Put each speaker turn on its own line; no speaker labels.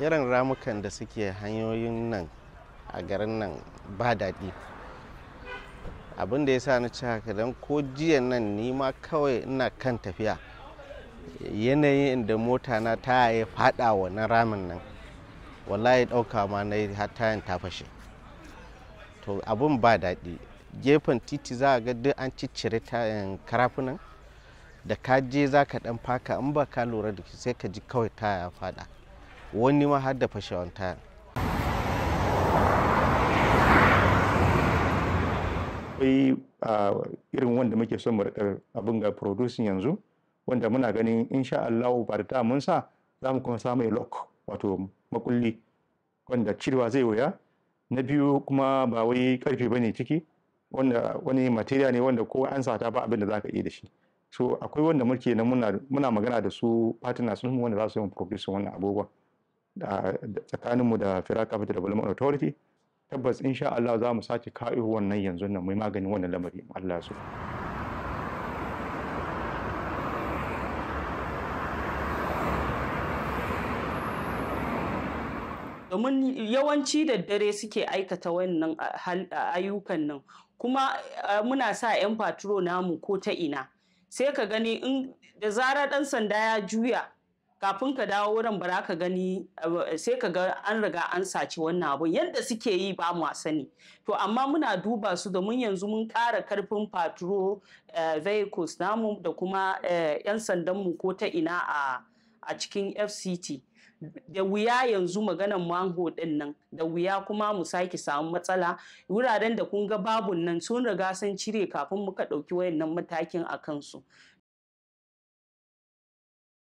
irin ramukan da suke hanyoyin nan a garin nan ba daɗi Abinda da ya sa na ci haka don ko jiya nan ni ma kawai ina kan tafiya yanayin da mota na ta ya faɗa wannan ramin nan wallahi ɗauka ma na yi tayan ta fashe to abin ba daɗi gefen titi za a ga duk an ciccire tayan karafunan da ka je za ka ɗan faka in ba ka lura da sai ka ji kawai taya ya faɗa wani ma har da
fashewan taya akwai ah, irin wanda muke son mu abin ga producing yanzu wanda muna ganin insha Allah ba da mun sa za mu kuma samu lock wato makulli wanda cirewa zai wuya na biyu kuma ba wai karfe bane ciki wanda wani material ne wanda ko an sata ba abin da zaka iya da shi so akwai wanda muke na muna magana da su partners mu wanda za su yi producing wannan abubuwan da tsakaninmu da Federal Capital Development Authority tabbas insha Allah za mu sake kawo wannan yanzu nan mai maganin wannan lamari Allah su.
domin yawanci da dare suke aikata wannan ayyukan nan kuma muna sa 'yan faturo namu ko ta ina sai ka gani da zarar ɗan sanda ya juya kafin ka dawo wurin ba ka gani sai ka ga an riga an saci wannan abun yadda suke yi ba mu sani to amma muna duba su domin yanzu mun ƙara karfin patro eh, vehicles namu da kuma 'yan eh, mu ko ta ina a a cikin fct da wuya yanzu maganan mango din nan da wuya kuma mu sake samu matsala wuraren da kun ga babun nan sun riga sun cire kafin muka ɗauki wayannan matakin a kansu